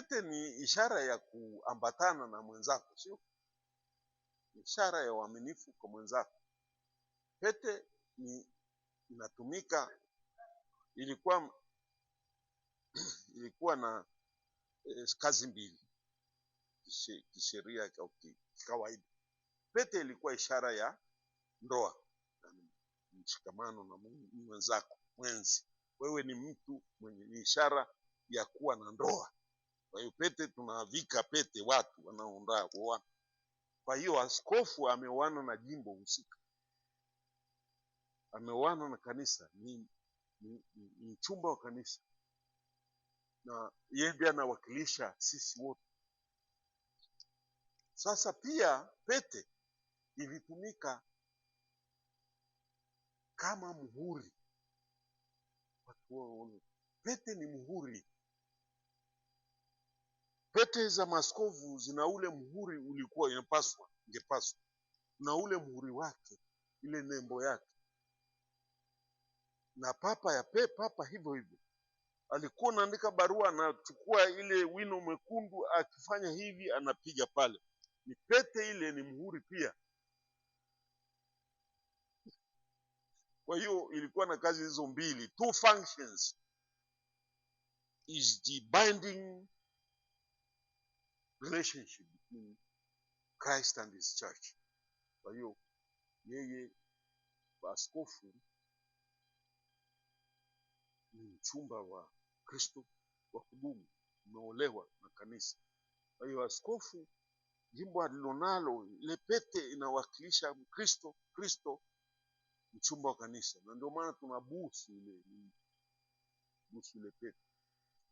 Pete ni ishara ya kuambatana na mwenzako, sio ishara ya uaminifu kwa mwenzako. Pete ni inatumika, ilikuwa ilikuwa na eh, kazi mbili kisheria au kikawaida. Pete ilikuwa ishara ya ndoa, mshikamano na mwenzako, mwenzi. Wewe ni mtu mwenye, ishara ya kuwa na ndoa. Kwa hiyo pete tunavika pete watu wanaondaa kuoana. Kwa hiyo askofu ameoana na jimbo husika, ameoana na kanisa, ni mchumba wa kanisa, na yeye ndiye anawakilisha sisi wote. Sasa pia pete ilitumika kama muhuri, watu waone pete ni muhuri Pete za maskovu zina ule mhuri ulikuwa inapaswa, ingepaswa na ule mhuri wake, ile nembo yake. Na papa ya pe papa hivyo hivyo alikuwa anaandika barua, anachukua ile wino mwekundu, akifanya hivi anapiga pale. Ni pete ile, ni mhuri pia. Kwa hiyo ilikuwa na kazi hizo mbili, two functions is the binding relationship between Christ and his church. Kwa hiyo yeye askofu ni mchumba wa Kristo wa kudumu, umeolewa na kanisa. Kwa hiyo askofu jimbo alilonalo, ile pete inawakilisha Mkristo, Kristo mchumba wa kanisa, na ndio maana tuna busu ile busu ile pete,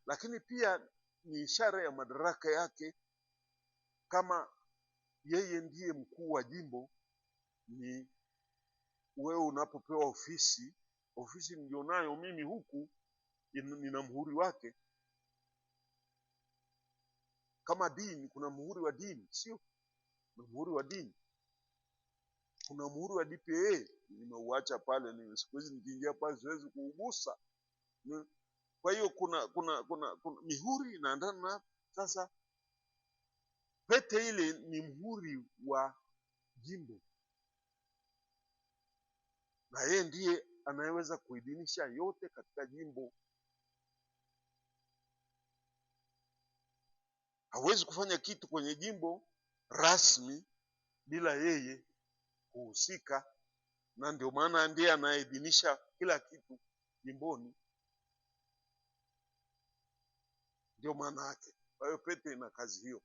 lakini pia ni ishara ya madaraka yake kama yeye ndiye mkuu wa jimbo, ni wewe unapopewa ofisi, ofisi nilionayo mimi huku nina mhuri wake. Kama dini, kuna mhuri wa dini, sio? Kuna mhuri wa dini, kuna mhuri wa DPA nimeuacha pale, siku hizi nikiingia pale siwezi kuugusa. Kwa hiyo kuna kuna kuna, kuna mihuri inaandana sasa Pete ile ni mhuri wa jimbo, na yeye ndiye anayeweza kuidhinisha yote katika jimbo. Hawezi kufanya kitu kwenye jimbo rasmi bila yeye kuhusika, na ndio maana ndiye anayeidhinisha kila kitu jimboni. Ndio maana yake. Kwa hiyo pete ina kazi hiyo.